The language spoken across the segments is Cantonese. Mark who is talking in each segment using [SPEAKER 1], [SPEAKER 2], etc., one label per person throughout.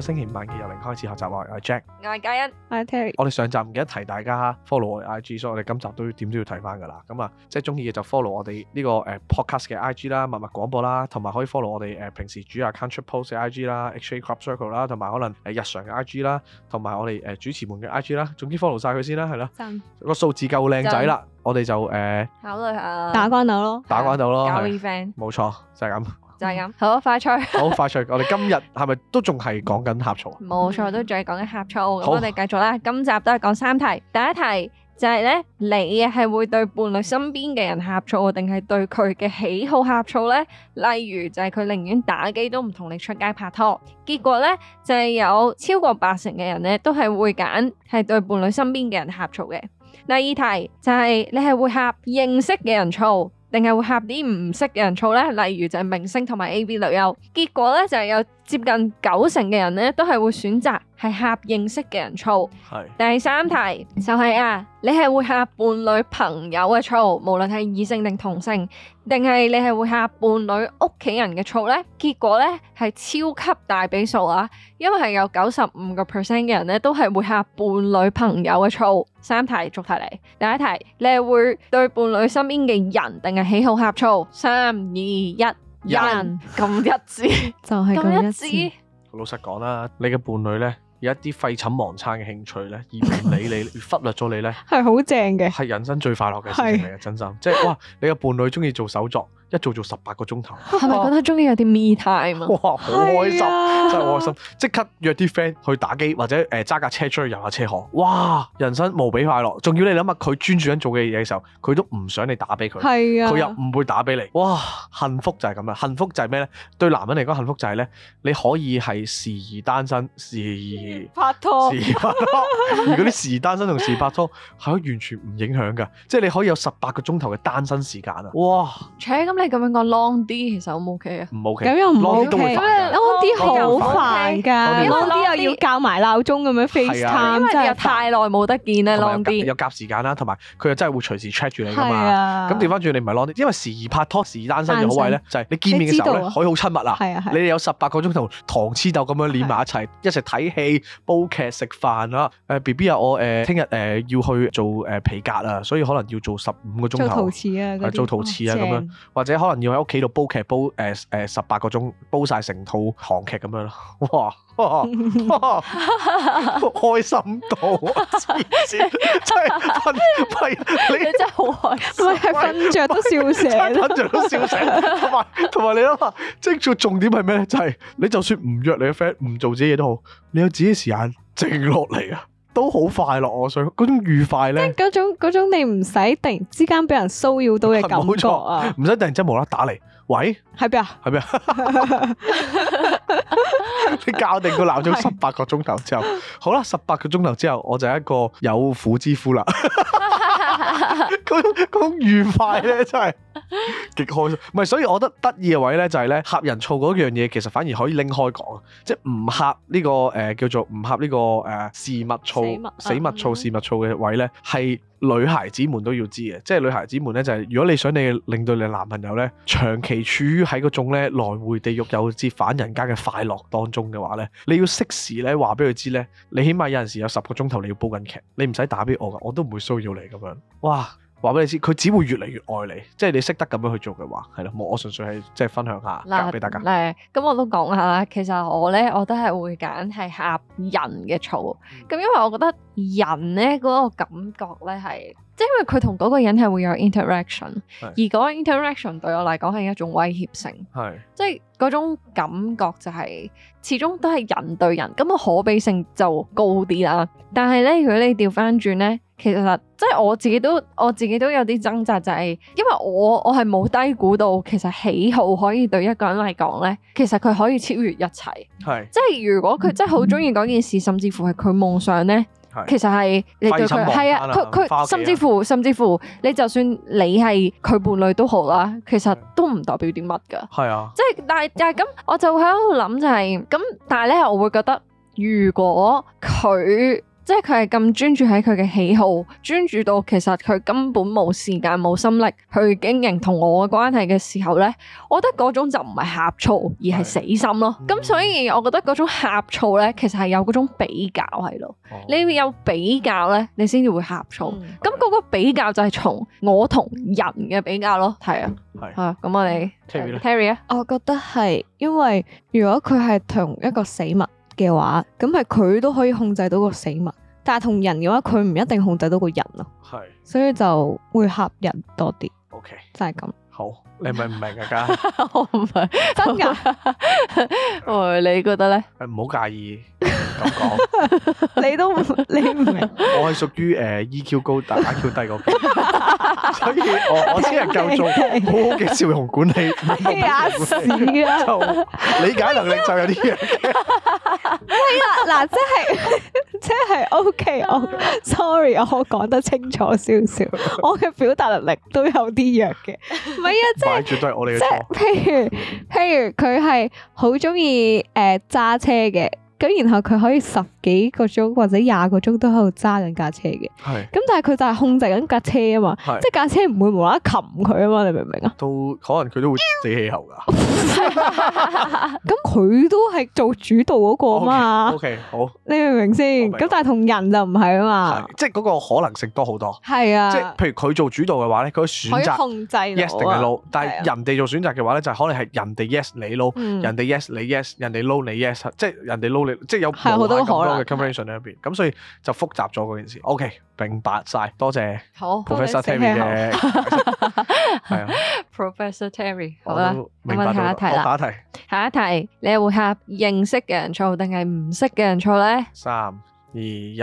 [SPEAKER 1] 星期五晚嘅由零開始學習愛！我係 Jack，我係嘉欣，
[SPEAKER 2] 我係 Terri。
[SPEAKER 1] 我哋上集唔記得提大家 follow 我嘅 IG，所以我哋今集都要點都要提返㗎啦。咁啊，即係鍾意嘅就 follow 我哋呢個誒 podcast 嘅 IG 啦，麥麥廣播啦，同埋可以 follow 我哋誒平時煮啊 account 出 post 嘅 IG 啦，HK crop circle 啦，同埋可能誒日常嘅 IG 啦，同埋 我哋誒主持們嘅 IG 啦。總之 follow 晒佢先啦，係咯，個真數字夠靚仔啦，真我哋就誒、uh, 考
[SPEAKER 2] 慮下打關鬥咯，打關鬥咯，搞 event，
[SPEAKER 1] 冇錯就係、是、咁。
[SPEAKER 2] 就係咁，好快趣，好
[SPEAKER 1] 快趣。我哋今日係咪都仲係講緊呷醋
[SPEAKER 2] 啊？冇錯，都仲係講緊呷醋。咁我哋繼續啦。今集都係講三題。第一題就係咧，你係會對伴侶身邊嘅人呷醋，定係對佢嘅喜好呷醋咧？例如就係佢寧願打機都唔同你出街拍拖，結果咧就係有超過八成嘅人咧都係會揀係對伴侶身邊嘅人呷醋嘅。第二題就係你係會呷認識嘅人醋。定係會合啲唔識嘅人嘈咧？例如就係明星同埋 AV 女優。結果呢就是有接近九成嘅人咧都係會選擇。係呷認識嘅人醋，係第三題就係啊，你係會呷伴侶朋友嘅醋，無論係異性定同性，定係你係會呷伴侶屋企人嘅醋咧？結果咧係超級大比數啊，因為係有九十五個 percent 嘅人咧都係會呷伴侶朋友嘅醋。三題逐題嚟，第一題你係會對伴侶身邊嘅人定係喜好呷醋？三二一，人咁一致就係咁一致。
[SPEAKER 1] 老實講啦，你嘅伴侶咧？有一啲廢寢忘餐嘅興趣咧，而唔理你，而忽略咗你咧，係好 正嘅，係人生最快樂嘅事情嚟嘅，是真心。即係哇，你個伴侶鍾意做手作。一做做十八個鐘頭，
[SPEAKER 2] 係咪哇覺得終於有啲 me time 啊？哇！好開心，是啊、真
[SPEAKER 1] 係好開心，即刻約啲 friend 去打機或者誒揸架車出去遊下車河，哇！人生無比快樂，仲要你諗下，佢專注緊做嘅嘢嘅時候，佢都唔想你打俾佢，係是啊，佢又唔會打俾你，哇！幸福就係咁啊。幸福就係咩咧？對男人嚟講，幸福就係咧，你可以係時而單身，時而，拍拖，時而
[SPEAKER 2] 拍拖， 而時，而時拍拖。而嗰啲
[SPEAKER 1] 時單身同時拍拖係可以完全唔影響嘅，即、就、係、是、你可以有十八個鐘頭嘅單身時間啊！哇！
[SPEAKER 2] 你咁樣講 long 啲其實唔 OK 啊，
[SPEAKER 1] 咁又唔 OK？long 啲好煩㗎，long 啲又要教
[SPEAKER 2] 埋鬧鐘咁樣 face time 因為又太耐冇得見啦，long 啲
[SPEAKER 1] 又夾時間啦，同埋佢又真係會隨時 check 住你㗎嘛。咁調翻轉你唔係 long 啲，因為時而拍拖時而單身就好喎。咧就係你見面嘅時候咧，可以好親密啊。你哋有十八個鐘頭糖黐豆咁樣黏埋一齊，一齊睇戲煲劇食飯啦。誒 B B 啊，我誒聽日誒要去做誒皮革啊，所以可能要做十五個鐘頭。做陶瓷啊，做陶瓷啊咁樣或者可能要喺屋企度煲劇煲誒誒十八個鐘，煲晒成套韓劇咁樣咯，哇，哇哇 開心到，哈哈 真係瞓，係 你，你真係好開心，瞓着 是都笑醒，瞓着都笑醒，同埋你諗下，即係重點係咩咧？就係你就算唔約你嘅 friend，唔做自己嘢都好，你有自己時間靜落嚟啊！都好快樂，所以嗰種愉快咧，即係嗰種嗰
[SPEAKER 3] 種你唔使突然之間俾人騷擾到嘅感覺啊！冇錯，
[SPEAKER 1] 唔使突然之間無啦啦打嚟，喂，喺邊啊？喺邊啊？你校定個鬧鐘十八個鐘頭之後， 好啦，十八個鐘頭之後，我就係一個有婦之夫啦。咁嗰種愉快咧，真係～極開心，唔係，所以我覺得得意嘅位呢、就是，就係呢。吓人醋嗰樣嘢，其實反而可以拎開講，即係唔吓呢個誒、呃、叫做唔吓呢個誒事物醋、死物醋、事物醋嘅物位呢，係女孩子們都要知嘅，即係女孩子們呢，就係、是，如果你想你令到你男朋友呢長期處於喺嗰種呢來回地獄又折返人間嘅快樂當中嘅話呢，你要適時呢話俾佢知呢，你起碼有陣時有十個鐘頭你要煲緊劇，你唔使打俾我噶，我都唔會騷擾你咁樣，哇！話俾你知，佢只會越嚟越愛你，即係你識得咁樣去做嘅話，係咯。冇，我純粹係即係分享下，教俾大家。誒，
[SPEAKER 2] 咁我都講下啦。其實我咧，我都係會揀係呷人嘅醋。咁、嗯、因為我覺得人咧嗰、嗰個感覺咧係，即、就、係、是、因為佢同嗰個人係會有 interaction，是而嗰個 interaction 對我嚟講係一種威脅性。係是，即係嗰種感覺就係、是、始終都係人對人，咁、嗰個可比性就高啲啦。但係咧，如果你調翻轉咧。其實即係我自己都我自己都有啲掙扎，就係、是、因為我我係冇低估到其實喜好可以對一個人嚟講咧，其實佢可以超越一切。係是，即係如果佢真係好中意嗰件事，嗯、甚至乎係佢夢想咧，是其實係你對佢係啊，佢佢、啊、甚至乎甚至乎你就算你係佢伴侶都好啦，其實都唔代表啲乜噶。係啊，即係但係但係咁，我就喺度諗就係、是、咁，但係咧我會覺得如果佢。即係佢係咁專注喺佢嘅喜好，專注到其實佢根本冇時間冇心力去經營同我嘅關係嘅時候咧，我覺得嗰種就唔係呷醋，而係死心咯。咁的所以我覺得嗰種呷醋咧，其實係有嗰種比較喺度。哦、你有比較咧，你先至會呷醋。咁嗰、嗯、個比較就係從我同人嘅比較咯。係啊，吓咁的、嗯、我哋
[SPEAKER 1] Terri
[SPEAKER 3] r r 咧。我覺得係因為如果佢係同一個死物。嘅話，咁係佢都可以控制到個死物，但係同人嘅話，佢唔一定控制到個人咯。係，所以就會吓人多啲。O K，就係咁。
[SPEAKER 1] 好，你咪唔明啊家？
[SPEAKER 2] 我唔明，真
[SPEAKER 1] 噶？喂，你覺得咧？唔好介意講。
[SPEAKER 2] 你都你唔明？
[SPEAKER 1] 我係屬於誒 E Q 高但 I Q 低嗰種，
[SPEAKER 2] 所以我我先係夠做，好嘅笑
[SPEAKER 1] 容管理。假事啊！就理解能力就有啲弱嘅。
[SPEAKER 2] 係啦，
[SPEAKER 3] 嗱， 即係即係 O K，我 sorry，我可講得清楚少少， 我嘅表達能力都有啲弱嘅，唔係啊，
[SPEAKER 1] 即係 絕對係我哋，即係譬
[SPEAKER 3] 如譬如佢係好中意誒揸車嘅，咁然後佢可以十幾個鐘或者廿個鐘都喺度揸緊架車嘅，係是，咁但係佢就係控制緊架車啊嘛，即係架車唔會無啦啦擒佢啊嘛，你明唔明
[SPEAKER 1] 啊？都可能佢都會死氣喉噶。
[SPEAKER 3] 咁佢都係做主導嗰個嘛？OK 好，你明唔明先？咁但係同人就唔係啊嘛，
[SPEAKER 1] 即係嗰個可能性多好多。係啊，即係譬如佢做主導嘅話咧，佢選擇控制 yes 定係 no。但係人哋做選擇嘅話咧，就可能係人哋 yes 你 no，人哋 yes 你 yes，人哋 no 你 yes，即係人哋 no 你，即係有好多可能嘅 conversation 喺入邊。咁所以就複雜咗件事。OK。明白曬，多謝。
[SPEAKER 2] 好，Professor Terri 嘅。係啊，Professor Terri。好啊，明白到。下一題，下一題，你會合認識嘅人錯定係唔識嘅人錯咧？
[SPEAKER 1] 三二一。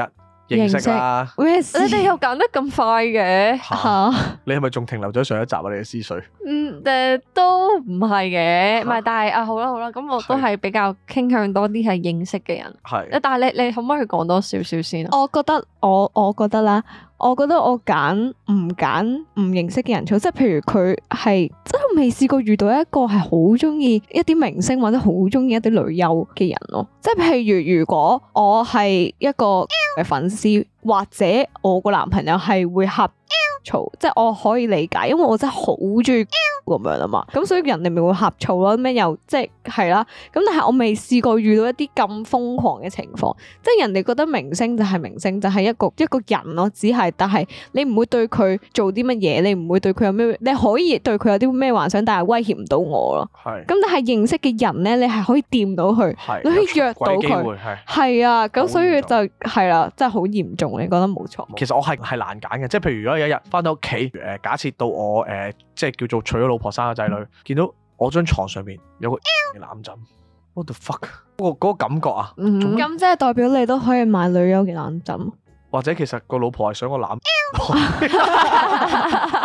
[SPEAKER 1] 認識啦。啊，你哋又
[SPEAKER 2] 揀得咁快嘅吓？
[SPEAKER 1] 你係咪仲停留咗上一集啊？你嘅思緒，
[SPEAKER 2] 嗯，誒、呃，都唔係嘅，唔係、啊，但係啊，好啦好啦，咁我都係比較傾向多啲係認識嘅人，係的，但係你你可唔可以講
[SPEAKER 3] 多少少先啊？我覺得我我覺得啦。我覺得我揀唔揀唔認識嘅人做，即係譬如佢係真係未試過遇到一個係好鍾意一啲明星或者好鍾意一啲女優嘅人咯，即係譬如如果我係一個喵粉絲。或者我個男朋友係會呷醋，即係我可以理解，因為我真係好中意咁樣啊嘛。咁所以人哋咪會呷醋咯。咩又即係係啦。咁但係我未試過遇到一啲咁瘋狂嘅情況，即係人哋覺得明星就係明星，就係一個一個人咯，只係但係你唔會對佢做啲乜嘢，你唔會對佢有咩，你可以對佢有啲咩幻想，但係威脅唔到我咯。係對。咁但係認識嘅人咧，你係可以掂到佢，對你可以出約到佢。係啊，咁痛所以就係啦，真係好嚴重。對嗯你覺得冇錯。
[SPEAKER 1] 其實我係係難揀嘅，即係譬如如果有一日翻到屋企，誒假設到我誒、呃、即係叫做娶咗老婆生咗仔女，見到我張床上面有個攬枕，what the fuck？嗰、那個感覺啊，咁、
[SPEAKER 3] 嗯、麼即係代表你都可以買女優嘅攬枕，
[SPEAKER 1] 或者其實個老婆係想我攬。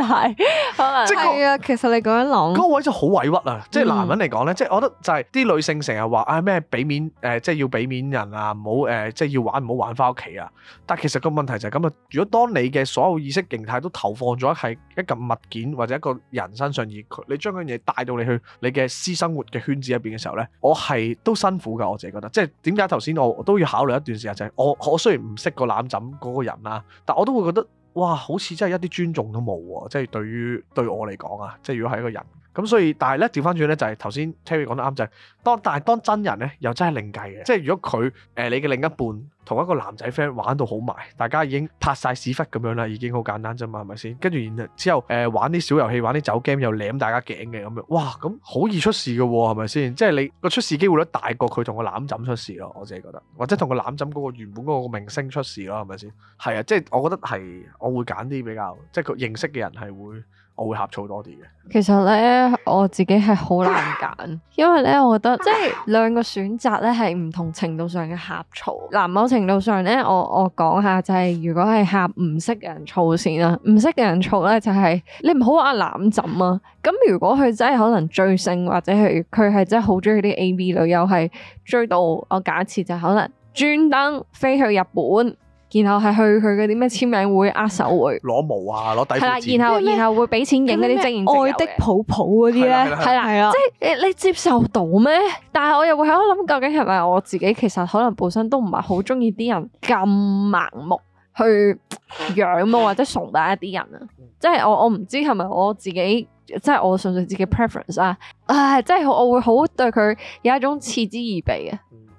[SPEAKER 1] 係，可能 即係啊、那個。其實你咁樣諗，嗰位就好委屈啦、啊。嗯、即係男人嚟講咧，即係我覺得就係啲女性成日話，唉咩俾面，誒、呃、即係要俾面人啊，唔好誒即係要玩唔好玩翻屋企啊。但係其實個問題就係咁啊。如果當你嘅所有意識形態都投放咗喺一個物件或者一個人身上，而佢你將嗰樣嘢帶到你去你嘅私生活嘅圈子入邊嘅時候咧，我係都辛苦噶。我自己覺得，即係點解頭先我都要考慮一段時間，就係、是、我我雖然唔識個攬枕嗰個人啊，但我都會覺得。哇，好似真係一啲尊重都冇啊，即係對於對我嚟講啊，即係如果係一個人。咁所以，但係咧，調翻轉咧，就係頭先 Terri 講得啱，就係當，但係當真人咧，又真係另計嘅。即係如果佢誒、呃、你嘅另一半同一個男仔 friend 玩到好埋，大家已經拍晒屎忽咁樣啦，已經好簡單啫嘛，係咪先？跟住然之後誒、呃、玩啲小遊戲，玩啲酒 game 又舐大家頸嘅咁樣，哇！咁好易出事嘅喎、啊，係咪先？即係你個出事機會率大過佢同個攬枕出事咯，我自己覺得，或者同個攬枕嗰個原本嗰個明星出事咯，係咪先？係啊，即係我覺得係，我會揀啲比較即係佢認識嘅人係會。我會呷醋多啲嘅。
[SPEAKER 2] 其實咧，我自己係好難揀，因為咧，我覺得即係兩個選擇咧係唔同程度上嘅呷醋。嗱，某程度上咧，我我講下就係、是，如果係呷唔識嘅人醋先啦，唔識嘅人醋咧就係、是、你唔好話攬枕啊。咁如果佢真係可能追星或者係佢係真係好中意啲 AV 女優，又係追到我假設就可能專登飛去日本。然後係去去嗰啲咩簽名會、握手
[SPEAKER 1] 會，攞毛啊，攞底子。係啦，然後
[SPEAKER 2] 然後會俾錢影嗰啲證，愛的抱抱嗰啲咧，係啦，係啊，即係你你接受到咩？但係我又會喺度諗，究竟係咪我自己其實可能本身都唔係好中意啲人咁盲目去養啊或者崇拜一啲人啊？ 即係我我唔知係咪我自己，即係我純粹自己 preference 啊？唉、啊，即係我我會好對佢有一種嗤之以鼻嘅。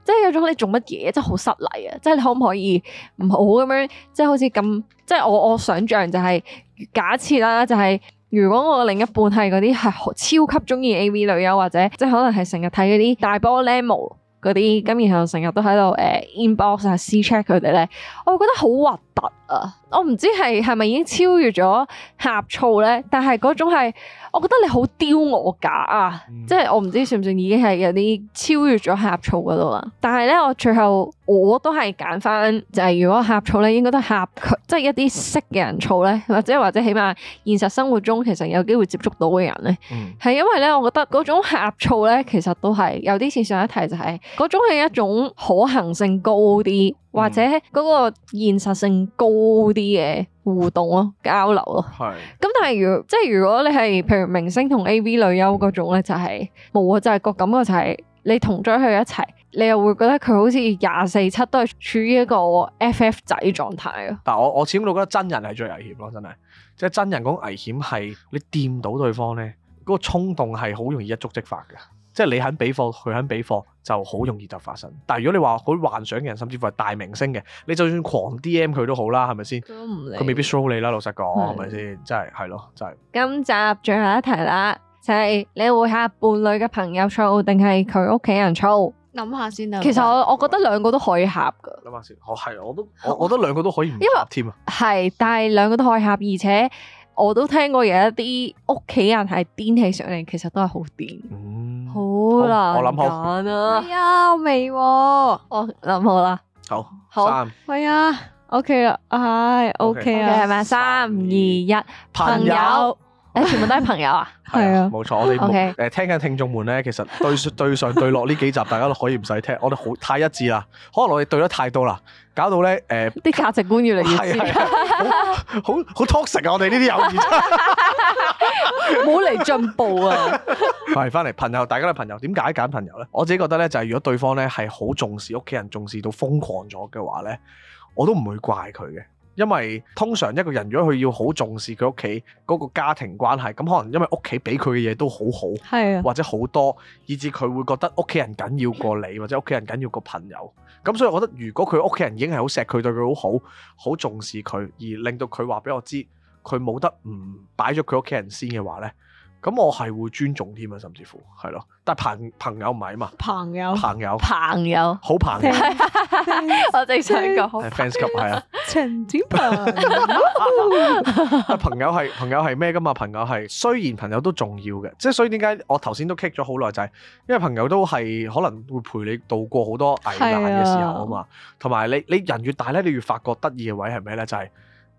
[SPEAKER 2] 即係有種你做乜嘢，真係好失禮啊！即係你可唔可以唔好咁樣？即係好似咁，即係我我想像就係、是、假設啦、就是，就係如果我另一半係嗰啲係超級中意 A.V. 女優或者即係可能係成日睇嗰啲大波 l e 靚模嗰啲，咁然後成日都喺度誒、呃、inbox 啊私 check 佢哋咧，我覺得好核突啊！我唔知係係咪已經超越咗呷醋咧？但係嗰種係。我覺得你好刁、嗯、我架啊！即係我唔知道算唔算已經係有啲超越咗呷醋嗰度啦。但係呢，我最後。我都係揀翻就係、是、如果呷醋咧，應該都呷佢即係一啲識嘅人醋咧，或者或者起碼現實生活中其實有機會接觸到嘅人咧，係、嗯、因為咧，我覺得嗰種呷醋咧，其實都係有啲似上一題、就是，就係嗰種係一種可行性高啲或者嗰個現實性高啲嘅互動咯、嗯、交流咯。係。 咁但係如即係如果你係譬如明星同 A V 女優嗰種咧，就係冇啊，就係、是、個感覺就係你同咗佢一齊。你又會覺得佢好似廿四七都係處於一個 FF 仔狀態。
[SPEAKER 1] 但我我始終都覺得真人係最危險咯，真係即係真人講危險係你掂到對方咧，嗰、那個衝動係好容易一觸即發嘅，即係你肯畀貨，佢肯畀貨就好容易就發生。但係如果你話好幻想嘅人，甚至乎係大明星嘅，你就算狂 DM 佢都好啦，係咪先？佢未必 show 你啦，老實講係咪先？真係係咯，真係的。
[SPEAKER 2] 今集最後一題啦，就係、是、你會下伴侶嘅朋友嘈定係佢屋企人嘈？諗下
[SPEAKER 3] 先啊！想想其實我我
[SPEAKER 2] 覺得兩個都可以合㗎。諗下
[SPEAKER 1] 先，我係我都我我覺得兩個都可以唔合添啊。
[SPEAKER 2] 係，但係兩個都可以合，而且我都聽過有一啲屋企人係癲起上嚟，其實都係、嗯啊、好癲，好難。我諗好。
[SPEAKER 3] 係、哎、啊，未？我
[SPEAKER 2] 諗好啦。
[SPEAKER 1] 好。三好。
[SPEAKER 2] 係啊 3、哎。O K 啦。唉 O K 啊。係咪三二一，朋友。朋友誒，全部都係朋友啊？係啊，
[SPEAKER 1] 冇錯，我哋誒 Okay.、呃、聽緊聽眾們咧，其實對對上對落呢幾集，大家都可以唔使聽， 我哋好太一致啦，可能我哋對得太多啦，搞到咧誒，啲、呃、價值觀越嚟越似，
[SPEAKER 2] 好
[SPEAKER 1] 好 toxic 啊！我哋呢啲友誼冇嚟進步啊！係翻嚟朋友，大家都係朋友，點解揀朋友咧？我自己覺得咧，就係、是、如果對方咧係好重視屋企人，重視到瘋狂咗嘅話咧，我都唔會怪佢嘅。因為通常一個人如果佢要好重視佢屋企嗰個家庭關係，咁可能因為屋企俾佢嘅嘢都好好，的或者好多，以至佢會覺得屋企人緊要過你，或者屋企人緊要過朋友。咁所以我覺得，如果佢屋企人已經係好錫佢，對佢好好，好重視佢，而令到佢話俾我知佢冇得唔擺咗佢屋企人先嘅話呢。咁我係會尊重添啊，甚至乎係咯，但係朋朋友唔係啊嘛，朋友朋友朋友好朋友，
[SPEAKER 2] 我正想講好，
[SPEAKER 1] 係 fans club 係啊，朋友係朋友係咩㗎嘛？朋友係雖然朋友都重要嘅，即係所以點解我頭先都傾咗好耐就係，因為朋友都係可能會陪你度過好多危難嘅時候啊嘛，同埋你你人越大咧，你越發覺得意嘅位係咩咧？就係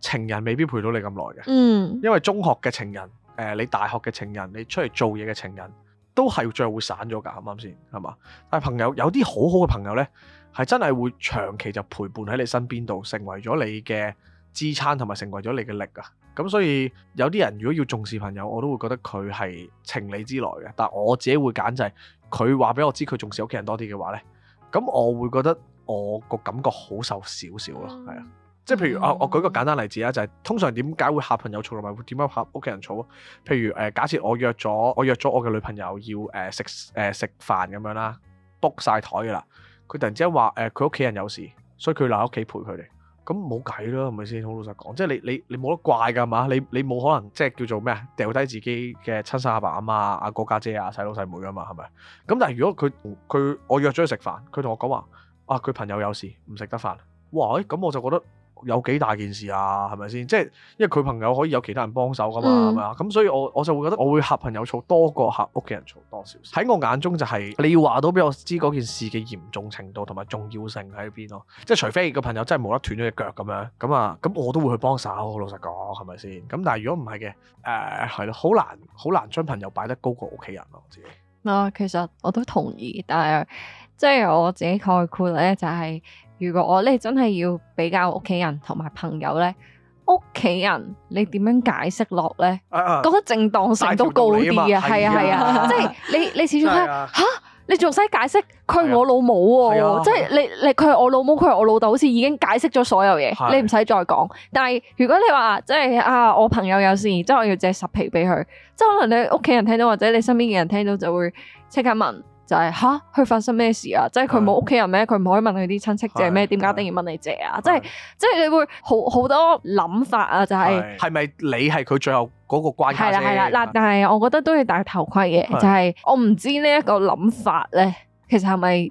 [SPEAKER 1] 情人未必陪到你咁耐嘅，嗯，因為中學嘅情人。誒、呃，你大學嘅情人，你出嚟做嘢嘅情人，都係最後會散咗㗎，啱唔啱先？係嘛？但係朋友有啲好好嘅朋友呢，係真係會長期就陪伴喺你身邊度，成為咗你嘅支撐同埋成為咗你嘅力啊。咁所以有啲人如果要重視朋友，我都會覺得佢係情理之內嘅。但我自己會揀就係佢話俾我知佢重視屋企人多啲嘅話呢，咁我會覺得我個感覺好受少少咯，係啊。即係譬如，我我舉個簡單例子啦，就係、是、通常點解會嚇朋友嘈同埋會點樣嚇屋企人嘈啊？譬如誒、呃，假設我約咗我約咗我嘅女朋友要誒、呃、食誒、呃、食飯咁樣啦，book 曬枱噶啦，佢突然之間話誒佢屋企人有事，所以佢留喺屋企陪佢哋，咁冇計啦，係咪先？好老實講，即係你你你冇得怪㗎嘛？你你冇可能即係叫做咩啊？掉低自己嘅親生阿爸阿媽啊、阿哥家姐啊、細佬細妹啊嘛係咪？咁但係如果佢佢我約咗去食飯，佢同我講話啊佢朋友有事唔食得飯，哇誒咁我就覺得。有幾大件事啊？係咪先？即係因為佢朋友可以有其他人幫手噶嘛，咁、嗯、所以我我就會覺得我會嚇朋友嘈多過嚇屋企人嘈多少。喺我眼中就係、是、你要話到俾我知嗰件事嘅嚴重程度同埋重要性喺邊咯。即係除非個朋友真係無啦啦斷咗隻腳咁樣，咁啊咁我都會去幫手。老實講係咪先？咁但係如果唔係嘅，誒係咯，好難好難將朋友擺得高過屋企人咯、啊。我知
[SPEAKER 2] 啊，其實我都同意，但係即係我自己概括咧就係、是。如果我你真係要比較屋企人同埋朋友咧，屋企人你點樣解釋落咧，uh uh, 覺得正當性都高啲嘅，係啊係啊，即係你你始終係嚇，你仲使解釋佢係我老母喎，即係、啊、你你佢係我老母，佢係我老豆，好似已經解釋咗所有嘢，啊、你唔使再講。但係如果你話即係啊，我朋友有事，即係我要借十皮俾佢，即係可能你屋企人聽到或者你身邊嘅人聽到就會即刻問。就係、是、吓，佢發生咩事啊？即係佢冇屋企人咩？佢唔可以問佢啲親戚借咩？點解一定要問你借啊？即係即係你會好好多諗法啊！就係
[SPEAKER 1] 係咪你係佢最後嗰個關卡先？係啦係啦，嗱，
[SPEAKER 2] 但係我覺得都要戴頭盔嘅。的就係我唔知呢一個諗法咧，其實係咪？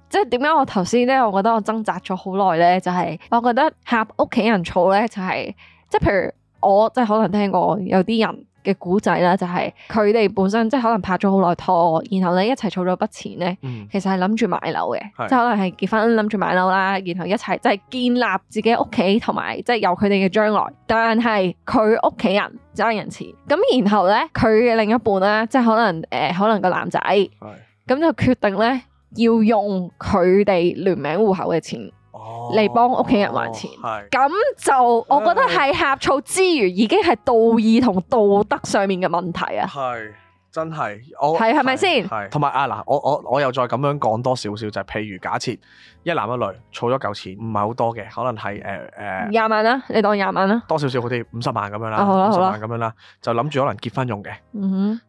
[SPEAKER 2] 即係點解我頭先咧，我覺得我掙扎咗好耐咧，就係、是、我覺得合屋企人儲咧，就係、是、即係譬如我即係可能聽過有啲人嘅古仔啦，就係佢哋本身即係可能拍咗好耐拖，然後咧一齊儲咗筆錢咧，其實係諗住買樓嘅，嗯、即係可能係結婚諗住買樓啦，然後一齊即係建立自己屋企同埋即係由佢哋嘅將來。但係佢屋企人爭人錢，咁然後咧佢嘅另一半咧，即係可能誒、呃，可能個男仔，咁、嗯、就決定咧。要用佢哋聯名戶口嘅錢嚟幫屋企人還錢，咁、哦哦、就我覺得係呷醋之餘，已經係道義同道德上面嘅問題啊！
[SPEAKER 1] 係真係，我係係咪先？係同埋啊嗱，我我我又再咁樣講多少少，就係、是、譬如假設一男一女儲咗嚿錢，唔係好多嘅，可能係誒誒
[SPEAKER 2] 廿萬啦、啊，你當廿萬啦、
[SPEAKER 1] 啊，多少少、啊、好似五十萬咁樣啦，五十萬咁樣啦，就諗住可能結婚用嘅，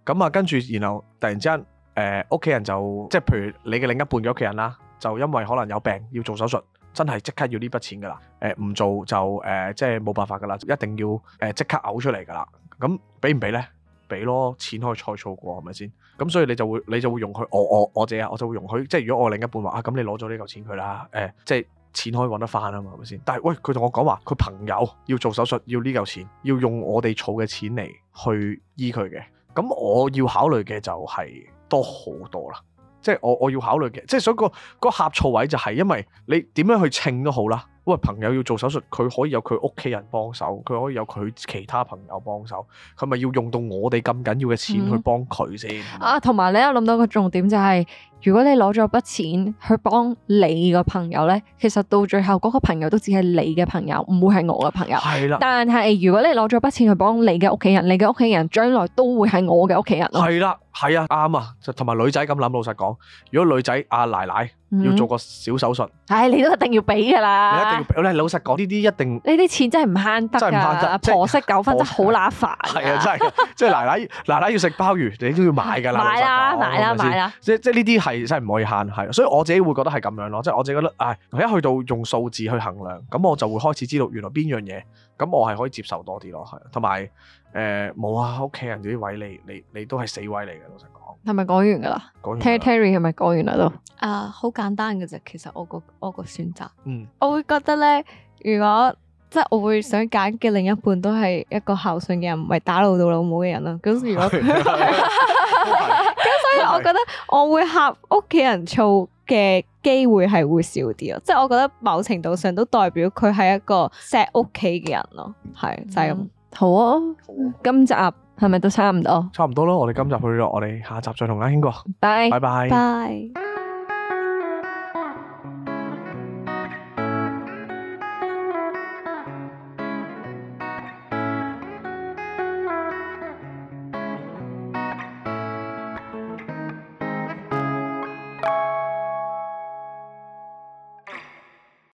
[SPEAKER 1] 咁啊跟住然後突然，突然之間。誒屋企人就即係譬如你嘅另一半嘅屋企人啦，就因為可能有病要做手術，真係即刻要呢筆錢㗎啦。誒、呃、唔做就誒、呃、即係冇辦法㗎啦，一定要誒即、呃、刻嘔出嚟㗎啦。咁俾唔俾呢？俾咯，錢可以再儲過係咪先？咁所以你就會你就會容許我我我借啊，我就會容許即係如果我另一半話啊，咁你攞咗呢嚿錢佢啦，誒、呃、即係錢可以揾得翻啊嘛係咪先？但係喂佢同我講話，佢朋友要做手術要呢嚿錢，要用我哋儲嘅錢嚟去醫佢嘅。咁我要考慮嘅就係、是。多好多啦！即係我我要考慮嘅，即係所以、那個個呷醋位就係，因為你點樣去稱都好啦。喂，朋友要做手術，佢可以有佢屋企人幫手，佢可以有佢其他朋友幫手，佢咪要用到我哋咁緊要嘅錢去幫佢先、
[SPEAKER 2] 嗯、啊！同埋你有諗到個重點就係、是。如果你攞咗筆錢去幫你個朋友咧，其實到最後嗰個朋友都只係你嘅朋友，唔會係我嘅朋友。係啦。但係如果你攞咗筆錢去幫你嘅屋企人，你嘅屋企人將來都會係我嘅屋企人咯。係
[SPEAKER 1] 啦，係啊，啱啊，就同埋女仔咁諗。老實講，如果女仔阿奶奶要做個小手術，
[SPEAKER 2] 唉，你都一定要俾㗎啦。你一定要
[SPEAKER 1] 俾，你老實講呢啲一定。
[SPEAKER 2] 呢啲錢真係唔慳得㗎，婆媳糾紛真係好乸煩。
[SPEAKER 1] 係啊，真係，即係奶奶奶奶要食鮑魚，你都要買㗎啦。買啦，買啦，買啦。即即係呢啲係。係真係唔可以限，係，所以我自己會覺得係咁樣咯，即係我自己覺得，唉，一去到用數字去衡量，咁我就會開始知道，原來邊樣嘢，咁我係可以接受多啲咯，係，同埋，誒，冇啊，屋企人啲位，你，你，你都係死位嚟嘅，老實
[SPEAKER 2] 講。係咪講完噶啦？Terri 係咪講完啦都？
[SPEAKER 3] 啊，好簡單嘅啫，其實我個我個選擇，嗯，
[SPEAKER 1] 我
[SPEAKER 3] 會覺得咧，如果即係我會想揀嘅另一半都係一個孝順嘅人，唔係打老豆老母嘅人咯，咁如果。 我覺得我會吓屋企人嘈嘅機會係會少啲咯，即、就、係、是、我覺得某程度上都代表佢係一個錫屋企嘅人咯，係就係、是、咁、嗯、
[SPEAKER 1] 好啊。今集係咪都差唔多？差唔多咯，我哋今集去咗，我哋下集再同阿軒哥。拜拜拜。